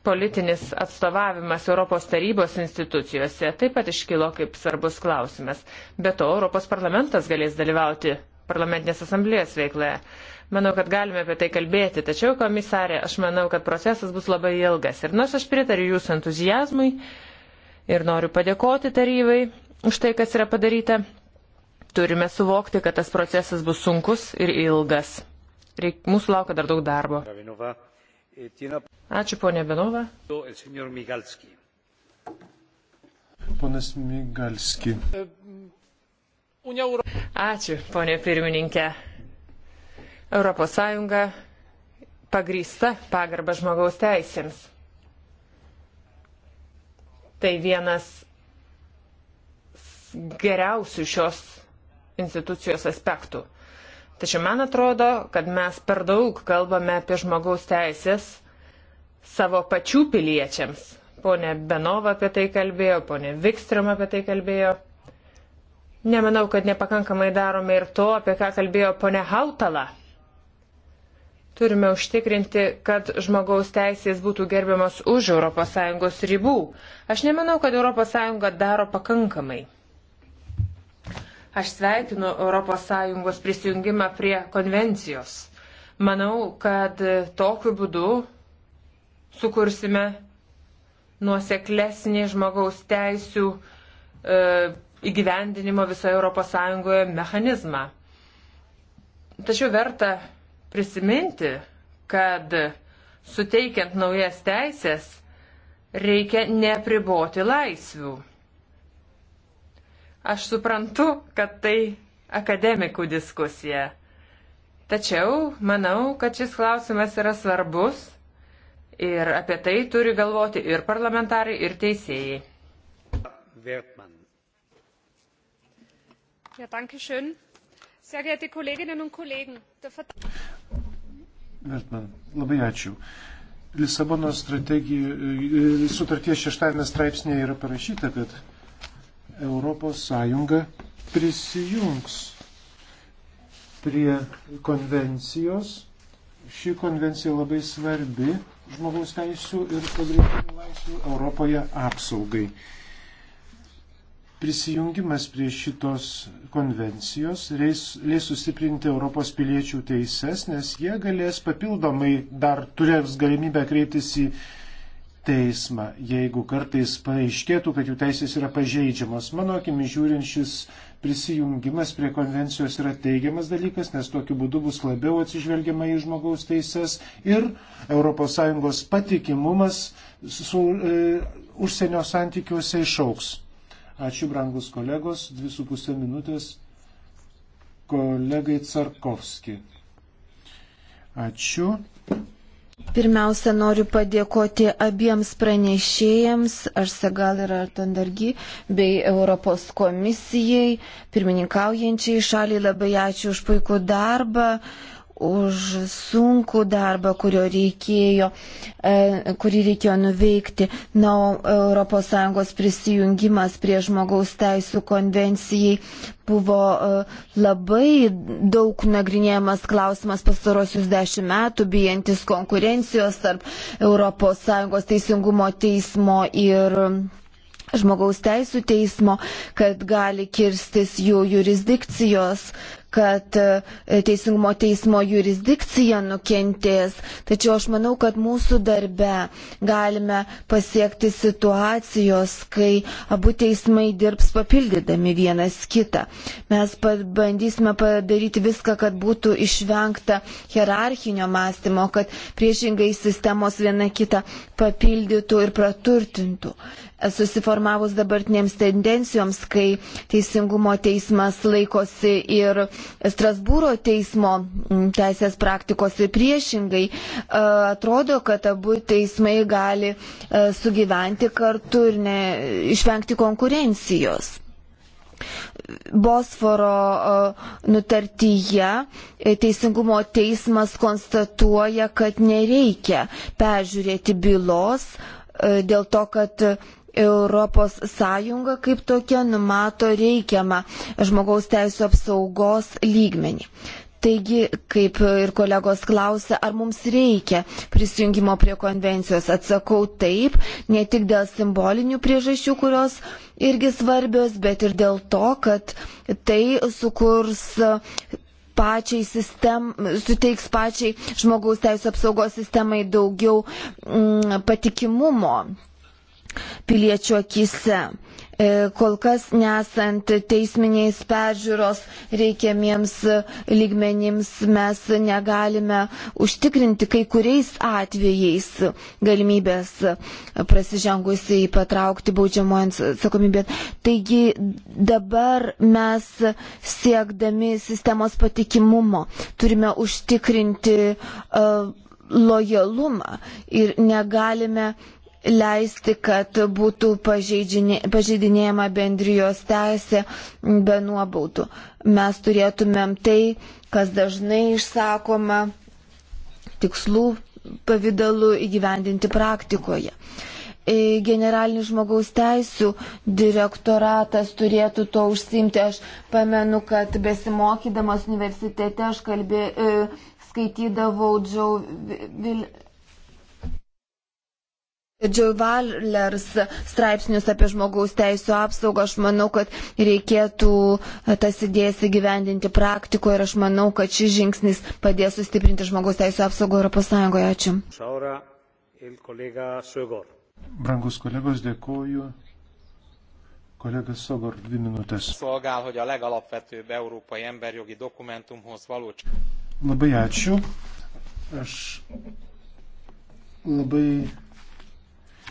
politinis atstovavimas Europos tarybos institucijose taip pat iškilo kaip svarbus klausimas. Be to, Europos parlamentas galės dalyvauti parlamentinės asamblėjos veikloje. Manau, kad galime apie tai kalbėti, tačiau, komisarė, aš manau, kad procesas bus labai ilgas. Ir nors aš pritariu jūsų entuzijazmui ir noriu padėkoti tarybai už tai, kas yra padaryta, turime suvokti, kad tas procesas bus sunkus ir ilgas. Reik, mūsų laukia dar daug darbo. Ravinova. Ačiū, ponė Benova. Ponas Migalski. Ačiū, ponė pirmininkė. Europos Sąjunga pagrįsta pagarba žmogaus teisėms. Tai vienas geriausių šios institucijos aspektų. Tačiau man atrodo, kad mes per daug kalbame apie žmogaus teisės savo pačių piliečiams. Pone Benova apie tai kalbėjo, pone Vikstrom apie tai kalbėjo. Nemanau, kad nepakankamai darome ir to, apie ką kalbėjo pone Hautala. Turime užtikrinti, kad žmogaus teisės būtų gerbiamas už ES ribų. Aš nemanau, kad ES daro pakankamai. Aš sveikinu ES prisijungimą prie konvencijos. Manau, kad tokiu būdu sukursime nuoseklesnį žmogaus teisių e, įgyvendinimo visoje ES mechanizmą. Tačiau verta prisiminti, kad suteikiant naujas teisės reikia nepriboti laisvių. Aš suprantu, kad tai akademikų diskusija. Tačiau manau, kad šis klausimas yra svarbus ir apie tai turi galvoti ir parlamentarai, ir teisėjai. Vertman. Ja, danke schön. Sehr geehrte Kolleginnen und Kollegen, der Vert Vertman, labai ačiū. Lisabono strategijų sutarties šeštame straipsnėje yra parašyta, kad Europos Sąjunga prisijungs prie konvencijos. Ši konvencija labai svarbi žmogaus teisų ir pagrindinių laisvių Europoje apsaugai. Prisijungimas prie šitos konvencijos leis sustiprinti Europos piliečių teises, nes jie galės papildomai dar turės galimybę kreiptis į teismą, jeigu kartais paaiškėtų, kad jų teisės yra pažeidžiamos. Mano akimi žiūrint, šis prisijungimas prie konvencijos yra teigiamas dalykas, nes tokiu būdu bus labiau atsižvelgiama į žmogaus teises ir ES patikimumas su e, užsienio santykiuose išauks. Ačiū, brangus kolegos, dvi su pusė minutės kolegai Carkovski. Ačiū. Pirmiausia, noriu padėkoti abiems pranešėjams, Arsegal ir Artandargi, bei Europos komisijai, pirmininkaujančiai šaliai. Labai ačiū už puikų darbą už sunkų darbą, reikėjo, e, kurį reikėjo nuveikti. Na, ES prisijungimas prie žmogaus teisų konvencijai buvo e, labai daug nagrinėjamas klausimas pastarosius dešimt metų, bijantis konkurencijos tarp ES teisingumo teismo ir žmogaus teisų teismo, kad gali kirstis jų jurisdikcijos kad e, Teisingumo teismo jurisdikcija nukentės. Tačiau aš manau, kad mūsų darbe galime pasiekti situacijos, kai abu teismai dirbs papildydami vienas kitą. Mes bandysime padaryti viską, kad būtų išvengta hierarchinio mąstymo, kad priešingai sistemos viena kitą papildytų ir praturtintų susiformavus dabartinėms tendencijoms, kai Teisingumo teismas laikosi ir Strasbūro teismo mm, teisės praktikos ir priešingai, e, atrodo, kad abu teismai gali e, sugyventi kartu ir ne, išvengti konkurencijos. Bosforo e, nutartyje Teisingumo teismas konstatuoja, kad nereikia peržiūrėti bylos dėl to, kad ES kaip tokia numato reikiamą žmogaus teisų apsaugos lygmenį. Taigi, kaip ir kolegos klausė, ar mums reikia prisijungimo prie konvencijos, atsakau taip, ne tik dėl simbolinių priežasčių, kurios irgi svarbios, bet ir dėl to, kad tai sukurs pačiai sistem, suteiks pačiai žmogaus teisų apsaugos sistemai daugiau m, mm, patikimumo, piliečių akise. E, kol kas nesant teisminiais peržiūros reikiamiems lygmenims mes negalime užtikrinti kai kuriais atvejais galimybės prasižengusiai patraukti baudžiamojant atsakomybę. Taigi dabar mes siekdami sistemos patikimumo turime užtikrinti uh, lojalumą ir negalime uh, leisti, kad būtų pažeidinėjama bendrijos teisė be nuobaudų. Mes turėtumėm tai, kas dažnai išsakoma tikslų pavydalu įgyvendinti praktikoje. E, generalinis žmogaus teisų direktoratas turėtų to užsimti. Aš pamenu, kad besimokydamas universitete aš kalbė, e, skaitydavau Džau Vil, Džiuvalers straipsnius apie žmogaus teisų apsaugą, aš manau, kad reikėtų e, tas idėjas įgyvendinti praktikoje ir aš manau, kad šis žingsnis padės sustiprinti žmogaus teisų apsaugą Europos Sąjungoje. Ačiū. Brangus kolegos, dėkoju. Kolega Szogor, dvi minutės. Szolgál, hogy a legalapvetőbb európai emberjogi dokumentumhoz való. Labai ačiū. Aš labai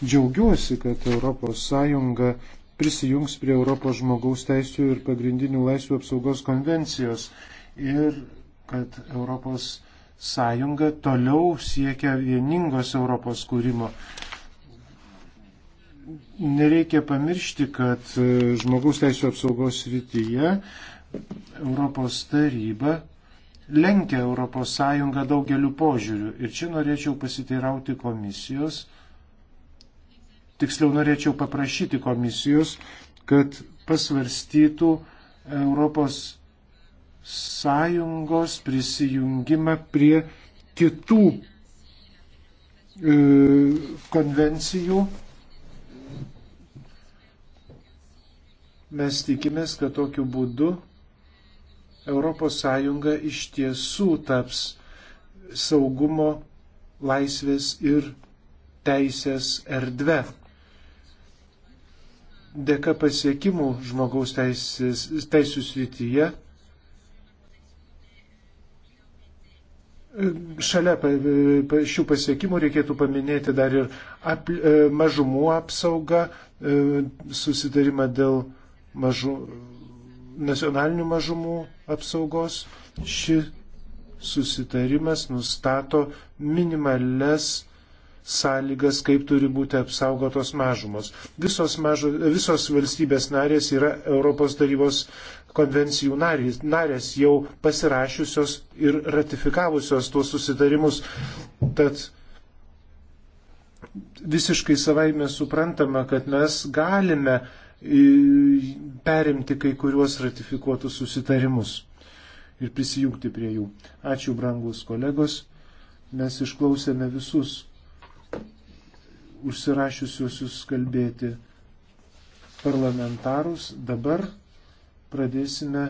Džiaugiuosi, kad ES prisijungs prie Europos žmogaus teisų ir pagrindinių laisvių apsaugos konvencijos ir kad ES toliau siekia vieningos Europos kūrimo. Nereikia pamiršti, kad e, žmogaus teisų apsaugos rytyje Europos taryba lenkia ES daugeliu požiūrių. Ir čia norėčiau pasiteirauti komisijos tiksliau norėčiau paprašyti komisijos, kad pasvarstytų Europos Sąjungos prisijungimą prie kitų e, konvencijų. Mes tikimės, kad tokiu būdu ES iš tiesų taps saugumo, laisvės ir teisės erdve dėka pasiekimų žmogaus teisės, teisų srityje Šalia šių pasiekimų reikėtų paminėti dar ir ap, e, mažumų apsaugą, e, susitarimą dėl mažu, nacionalinių mažumų apsaugos. Ši susitarimas nustato minimales sąlygas, kaip turi būti apsaugotos mažumos. Visos, mažo, visos valstybės narės yra Europos tarybos konvencijų narės, narės jau pasirašiusios ir ratifikavusios tuos susitarimus. Tad visiškai savaime suprantama, kad mes galime e, perimti kai kuriuos ratifikuotus susitarimus ir prisijungti prie jų. Ačiū, brangus kolegos, mes išklausėme visus užsirašiusiuosius kalbėti parlamentarus. Dabar pradėsime,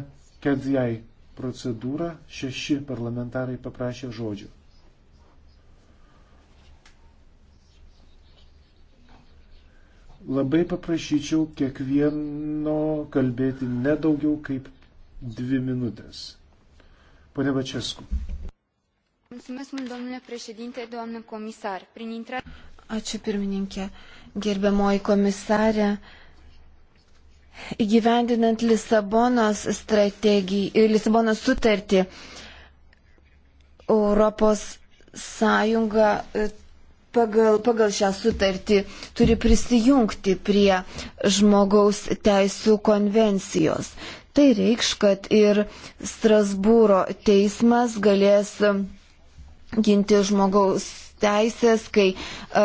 kad jai procedūrą šeši parlamentarai paprašė žodžio. Labai paprašyčiau kiekvieno kalbėti nedaugiau kaip dvi minutės. Pone Vačesku. Mulțumesc mult, domnule președinte, doamnă comisar. Prin intrare... Ačiū pirmininkė. Gerbiamoji komisarė, įgyvendinant Lisabonos strategiją, Lisabonos sutartį, Europos Sąjunga e, pagal, pagal šią sutartį turi prisijungti prie žmogaus teisų konvencijos. Tai reikš, kad ir Strasbūro teismas galės ginti žmogaus teisės, kai e,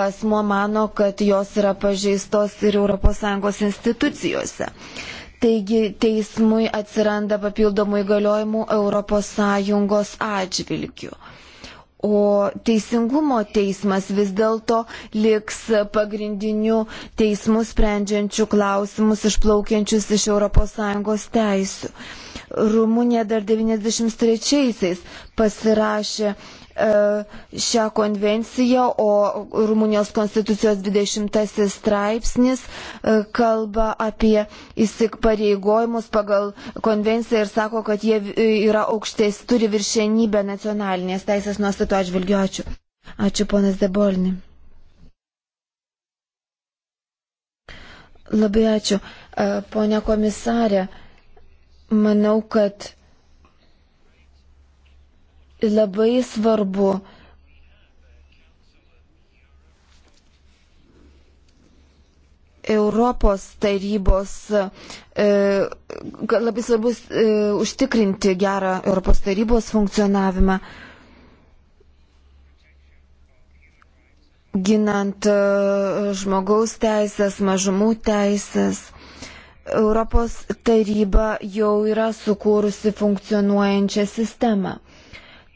asmo mano, kad jos yra pažeistos ir ES institucijose. Taigi teismui atsiranda papildomų įgaliojimų ES atžvilgių. O teisingumo teismas vis dėlto liks pagrindiniu teismu sprendžiančių klausimus išplaukiančius iš ES teisių. Rumunija dar 93-aisiais pasirašė E, šią konvenciją, o Rumunijos konstitucijos 20 straipsnis e, kalba apie įsipareigojimus pagal konvenciją ir sako, kad jie yra aukštės, turi viršenybę nacionalinės teisės nuostatų atžvilgiu. Ačiū. Ačiū, ponas Debolni. Labai ačiū. E, Pone komisarė, manau, kad labai svarbu. Europos tarybos, e, labai svarbus e, užtikrinti gerą Europos tarybos funkcionavimą, ginant e, žmogaus teisės, mažumų teisės. Europos taryba jau yra sukūrusi funkcionuojančią sistemą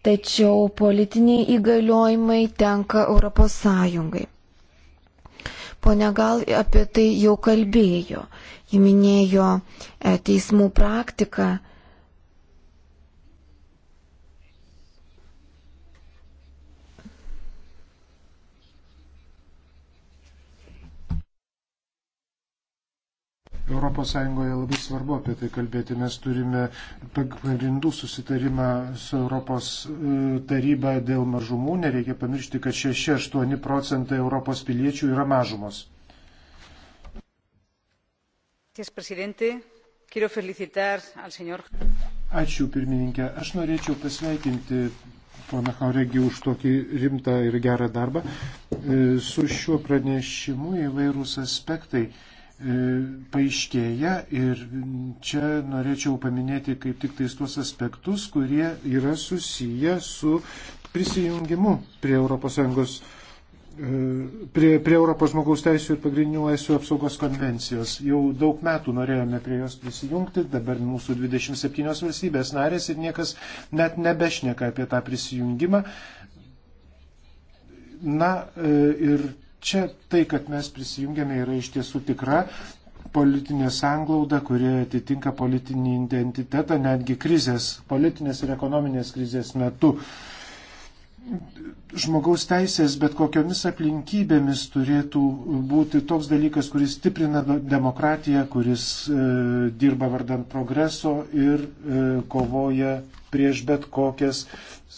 tačiau politiniai įgaliojimai tenka Europos Sąjungai. Pone gal apie tai jau kalbėjo, ji minėjo e, teismų praktiką ES labai svarbu apie tai kalbėti. Mes turime pagrindų susitarimą su Europos e, taryba dėl mažumų. Nereikia pamiršti, kad 6-8 procentai Europos piliečių yra mažumos. Ačiū pirmininkė. Aš norėčiau pasveikinti poną Hauregį už tokį rimtą ir gerą darbą. E, su šiuo pranešimu įvairūs aspektai E, paaiškėja ir čia norėčiau paminėti kaip tik tais tuos aspektus, kurie yra susiję su prisijungimu prie ES, e, prie, prie Europos žmogaus teisų ir pagrindinių laisvių apsaugos konvencijos. Jau daug metų norėjome prie jos prisijungti, dabar mūsų 27 valstybės narės ir niekas net nebešneka apie tą prisijungimą. Na e, ir Čia tai, kad mes prisijungėme, yra iš tiesų tikra politinė sanglauda, kuri atitinka politinį identitetą netgi krizės, politinės ir ekonominės krizės metu žmogaus teisės, bet kokiomis aplinkybėmis turėtų būti toks dalykas, kuris stiprina demokratiją, kuris e, dirba vardant progreso ir e, kovoja prieš bet kokias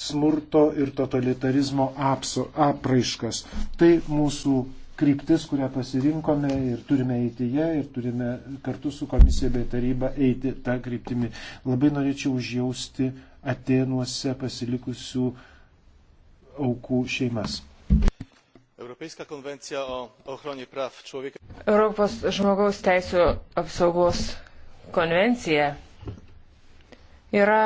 smurto ir totalitarizmo apso, apraiškas. Tai mūsų kryptis, kurią pasirinkome ir turime eiti ją ir turime kartu su komisija bei taryba eiti tą kryptimį. Labai norėčiau užjausti Atenuose pasilikusių aukų šeimas. Europos žmogaus teisų apsaugos konvencija yra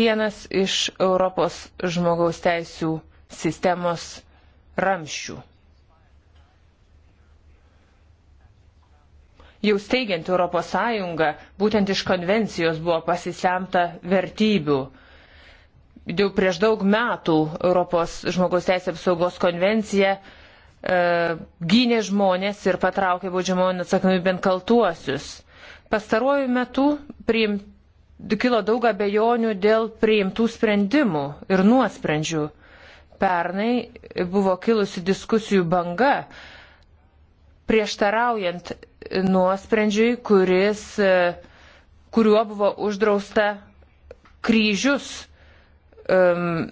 vienas iš Europos žmogaus teisų sistemos ramščių. Jau steigiant Europos Sąjungą, būtent iš konvencijos buvo pasisemta vertybių jau prieš daug metų Europos žmogaus teisė apsaugos konvencija e, gynė žmonės ir patraukė baudžiamojo atsakomybėn kaltuosius. Pastaruoju metu priim, kilo daug abejonių dėl priimtų sprendimų ir nuosprendžių. Pernai buvo kilusi diskusijų banga prieštaraujant nuosprendžiui, kuris, e, kuriuo buvo uždrausta kryžius um,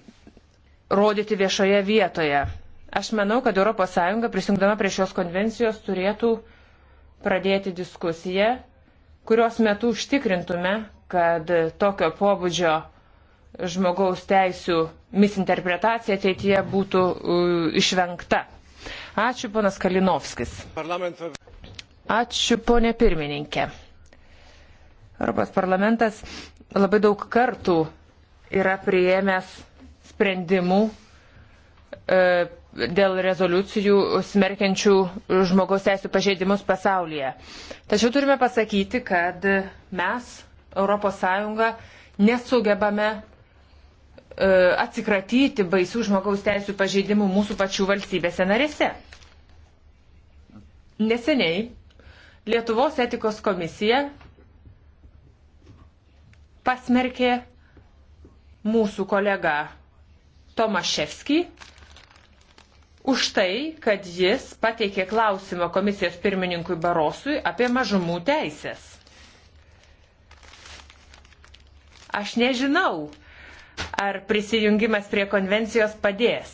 rodyti viešoje vietoje. Aš manau, kad ES prisijungdama prie šios konvencijos turėtų pradėti diskusiją, kurios metu užtikrintume, kad tokio pobūdžio žmogaus teisų misinterpretacija ateityje būtų uh, išvengta. Ačiū, ponas Kalinovskis. Ačiū, ponė pirmininkė. Europos parlamentas labai daug kartų yra prieėmęs sprendimų e, dėl rezoliucijų smerkiančių žmogaus teisų pažeidimus pasaulyje. Tačiau turime pasakyti, kad mes, ES, nesugebame e, atsikratyti baisių žmogaus teisų pažeidimų mūsų pačių valstybėse narėse. Neseniai Lietuvos etikos komisija pasmerkė mūsų kolegą Tomaševskį už tai, kad jis pateikė klausimą komisijos pirmininkui Barosui apie mažumų teisės. Aš nežinau, ar prisijungimas prie konvencijos padės,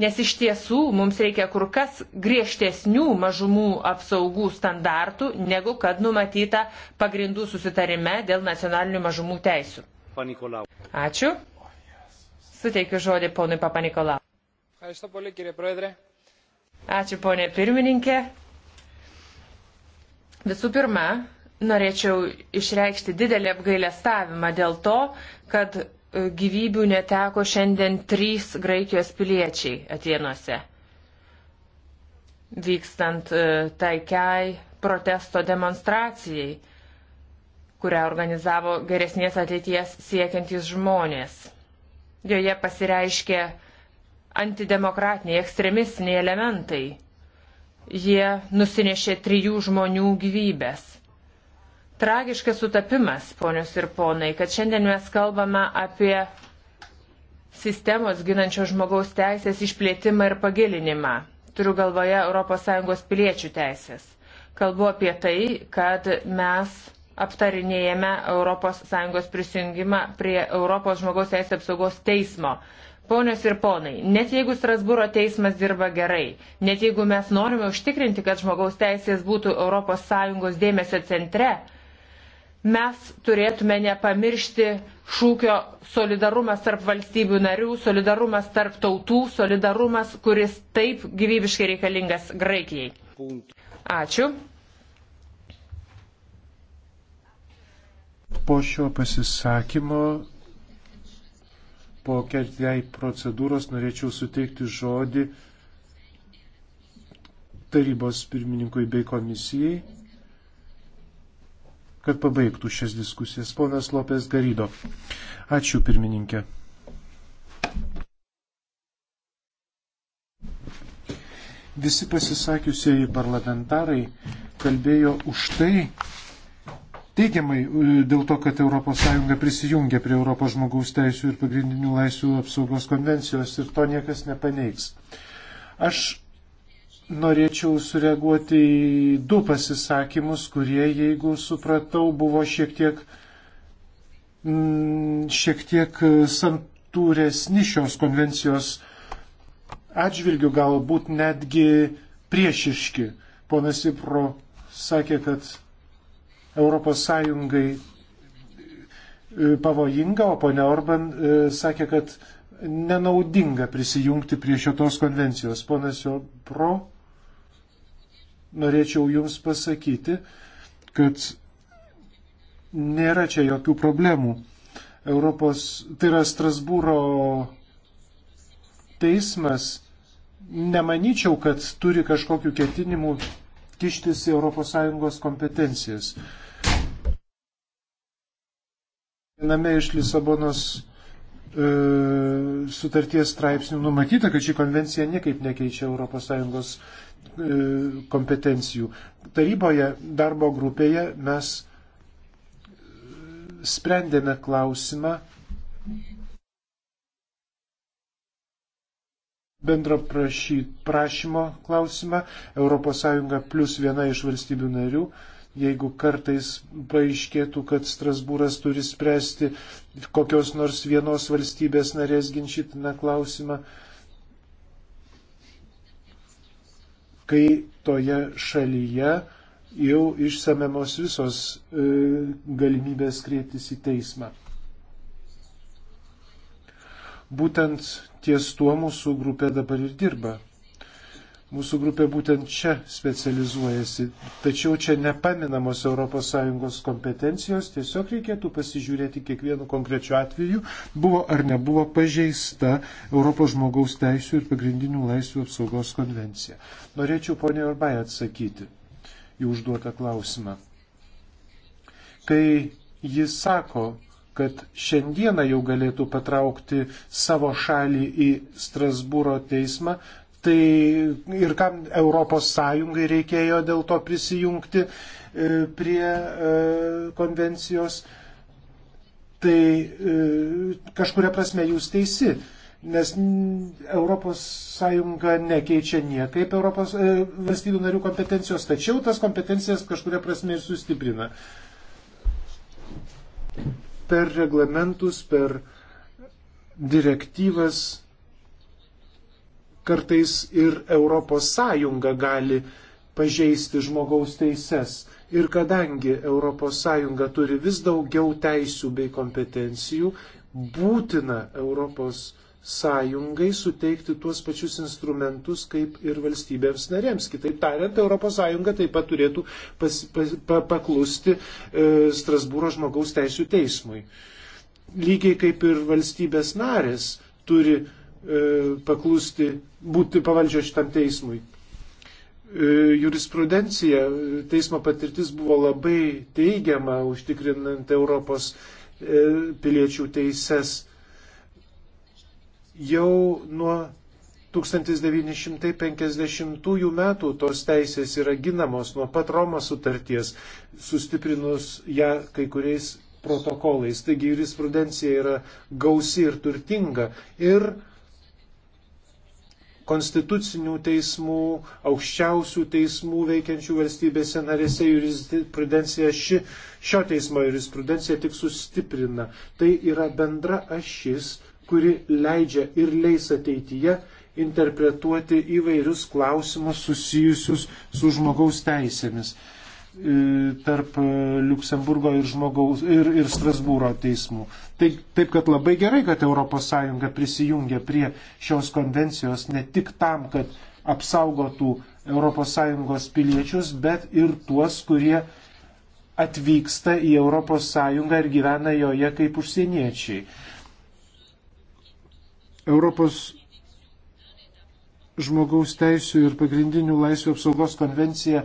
nes iš tiesų mums reikia kur kas griežtesnių mažumų apsaugų standartų, negu kad numatyta pagrindų susitarime dėl nacionalinių mažumų teisų. Ačiū. Suteikiu žodį ponui Papa Nikolau. Ačiū, ponė pirmininkė. Visų pirma, norėčiau išreikšti didelį apgailestavimą dėl to, kad e, gyvybių neteko šiandien trys Graikijos piliečiai Atenuose. Vykstant e, taikiai protesto demonstracijai kurią organizavo geresnės ateities siekiantys žmonės. Joje pasireiškė antidemokratiniai, ekstremistiniai elementai. Jie nusinešė trijų žmonių gyvybės. Tragiškas sutapimas, ponios ir ponai, kad šiandien mes kalbame apie sistemos ginančios žmogaus teisės išplėtimą ir pagilinimą. Turiu galvoje ES piliečių teisės. Kalbu apie tai, kad mes aptarinėjame ES prisijungimą prie Europos žmogaus teisės apsaugos teismo. Ponios ir ponai, net jeigu Strasbūro teismas dirba gerai, net jeigu mes norime užtikrinti, kad žmogaus teisės būtų ES dėmesio centre, mes turėtume nepamiršti šūkio solidarumas tarp valstybių narių, solidarumas tarp tautų, solidarumas, kuris taip gyvybiškai reikalingas Graikijai. Ačiū. Po šio pasisakymo, po kertėjai procedūros norėčiau suteikti žodį tarybos pirmininkui bei komisijai, kad pabaigtų šias diskusijas. Ponas Lopės Garydo. Ačiū pirmininkė. Visi pasisakiusieji parlamentarai kalbėjo už tai, teigiamai e, dėl to, kad ES prisijungia prie Europos žmogaus teisų ir pagrindinių laisvių apsaugos konvencijos ir to niekas nepaneigs. Aš norėčiau sureaguoti į du pasisakymus, kurie, jeigu supratau, buvo šiek tiek, mm, šiek tiek santūresni šios konvencijos atžvilgių, galbūt netgi priešiški. Ponas Ipro sakė, kad Europos Sąjungai e, pavojinga, o ponia Orban e, sakė, kad nenaudinga prisijungti prie šitos konvencijos. Ponas Jo Pro, norėčiau Jums pasakyti, kad nėra čia jokių problemų. Europos, tai yra Strasbūro teismas, nemanyčiau, kad turi kažkokiu ketinimu kištis į ES kompetencijas. Viename iš Lisabonos e, sutarties straipsnių numatyta, kad ši konvencija niekaip nekeičia ES e, kompetencijų. Taryboje darbo grupėje mes e, sprendėme klausimą, bendro prašy, prašymo klausimą. ES plus viena iš valstybių narių. Jeigu kartais paaiškėtų, kad Strasbūras turi spręsti kokios nors vienos valstybės narės ginčytiną klausimą, kai toje šalyje jau išsamiamos visos e, galimybės kreiptis į teismą. Būtent ties tuo mūsų grupė dabar ir dirba. Mūsų grupė būtent čia specializuojasi, tačiau čia nepaminamos ES kompetencijos, tiesiog reikėtų pasižiūrėti kiekvienu konkrečiu atveju, buvo ar nebuvo pažeista Europos žmogaus teisų ir pagrindinių laisvių apsaugos konvencija. Norėčiau ponė Orbai atsakyti į užduotą klausimą. Kai jis sako, kad šiandieną jau galėtų patraukti savo šalį į Strasbūro teismą. Tai ir kam ES reikėjo dėl to prisijungti e, prie e, konvencijos, tai e, kažkuria prasme jūs teisi, nes ES nekeičia niekaip Europos valstybių narių kompetencijos, tačiau tas kompetencijas kažkuria prasme ir sustiprina per reglamentus, per direktyvas kartais ir Europos Sąjunga gali pažeisti žmogaus teises. Ir kadangi Europos Sąjunga turi vis daugiau teisių bei kompetencijų, būtina Europos sąjungai suteikti tuos pačius instrumentus kaip ir valstybėms narėms. Kitaip tariant, ES taip pat turėtų pas, pas, pa, paklusti e, Strasbūro žmogaus teisų teismui. Lygiai kaip ir valstybės narės turi e, paklusti, būti pavaldžio šitam teismui. E, jurisprudencija, teismo patirtis buvo labai teigiama, užtikrinant Europos e, piliečių teises jau nuo 1950 metų tos teisės yra ginamos nuo pat Romos sutarties, sustiprinus ją kai kuriais protokolais. Taigi jurisprudencija yra gausi ir turtinga. Ir konstitucinių teismų, aukščiausių teismų veikiančių valstybėse narėse jurisprudencija ši, šio teismo jurisprudencija tik sustiprina. Tai yra bendra ašis, kuri leidžia ir leis ateityje interpretuoti įvairius klausimus susijusius su žmogaus teisėmis e, tarp e, Luksemburgo ir, žmogaus, ir, ir Strasbūro teismų. Taip, taip, kad labai gerai, kad ES prisijungia prie šios konvencijos ne tik tam, kad apsaugotų ES piliečius, bet ir tuos, kurie atvyksta į ES ir gyvena joje kaip užsieniečiai. Europos žmogaus teisų ir pagrindinių laisvių apsaugos konvencija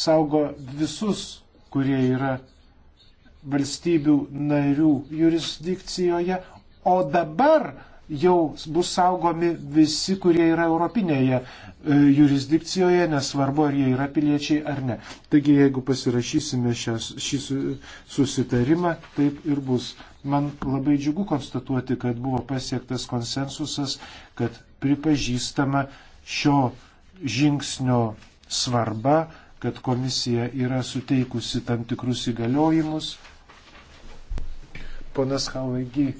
saugo visus, kurie yra valstybių narių jurisdikcijoje, o dabar jau bus saugomi visi, kurie yra europinėje e, jurisdikcijoje, nesvarbu, ar jie yra piliečiai ar ne. Taigi, jeigu pasirašysime šias, šį susitarimą, taip ir bus. Man labai džiugu konstatuoti, kad buvo pasiektas konsensusas, kad pripažįstama šio žingsnio svarba, kad komisija yra suteikusi tam tikrus įgaliojimus. Ponas Hauegi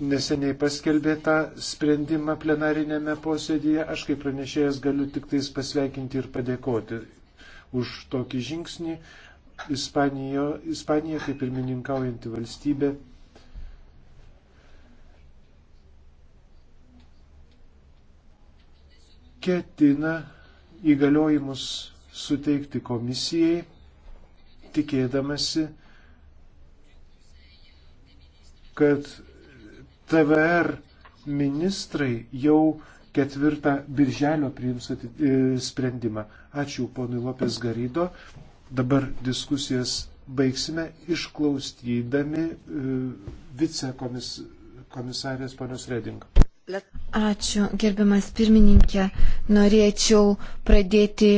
neseniai paskelbė tą sprendimą plenarinėme posėdėje. Aš kaip pranešėjas galiu tik tais pasveikinti ir padėkoti už tokį žingsnį. Ispanijo, Ispanija kaip pirmininkaujanti valstybė ketina įgaliojimus suteikti komisijai, tikėdamasi, kad TVR ministrai jau ketvirtą birželio priims e, sprendimą. Ačiū ponui Lopės Garydo. Dabar diskusijas baigsime išklausydami e, vicekomisarės ponios Reding. Ačiū, gerbiamas pirmininkė. Norėčiau pradėti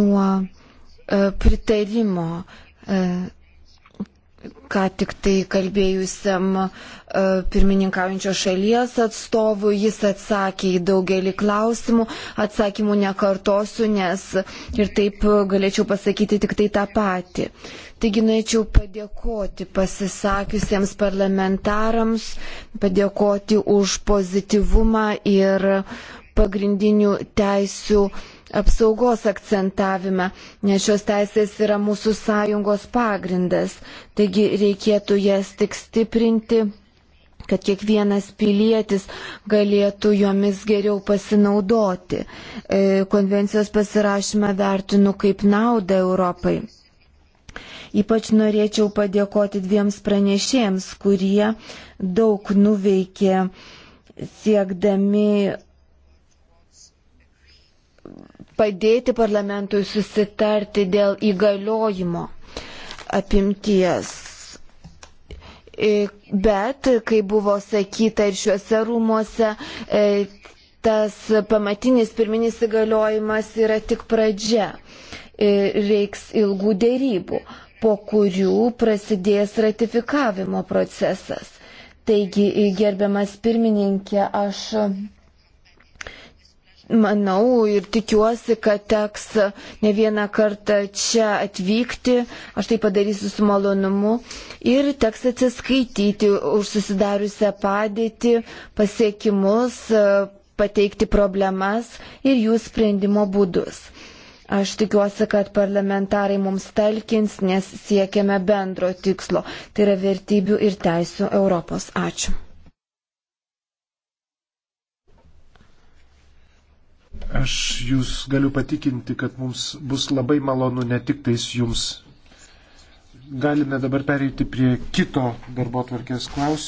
nuo e, pritarimo ką tik tai kalbėjusiam e, pirmininkaujančio šalies atstovui. Jis atsakė į daugelį klausimų. Atsakymų nekartosiu, nes ir taip galėčiau pasakyti tik tai tą patį. Taigi norėčiau padėkoti pasisakiusiems parlamentarams, padėkoti už pozityvumą ir pagrindinių teisių apsaugos akcentavimą, nes šios teisės yra mūsų sąjungos pagrindas, taigi reikėtų jas tik stiprinti kad kiekvienas pilietis galėtų jomis geriau pasinaudoti. E, konvencijos pasirašymą vertinu kaip naudą Europai. Ypač norėčiau padėkoti dviems pranešėjams, kurie daug nuveikė siekdami padėti parlamentui susitarti dėl įgaliojimo apimties. E, bet, kaip buvo sakyta ir šiuose rūmuose, e, tas pamatinis pirminis įgaliojimas yra tik pradžia. E, reiks ilgų dėrybų, po kurių prasidės ratifikavimo procesas. Taigi, gerbiamas pirmininkė, aš manau ir tikiuosi, kad teks ne vieną kartą čia atvykti, aš tai padarysiu su malonumu ir teks atsiskaityti už susidariusią padėtį, pasiekimus, pateikti problemas ir jų sprendimo būdus. Aš tikiuosi, kad parlamentarai mums talkins, nes siekiame bendro tikslo, tai yra vertybių ir teisų Europos. Ačiū. Aš jūs galiu patikinti, kad mums bus labai malonu ne tik tais jums. Galime dabar pereiti prie kito darbo tvarkės klausimo.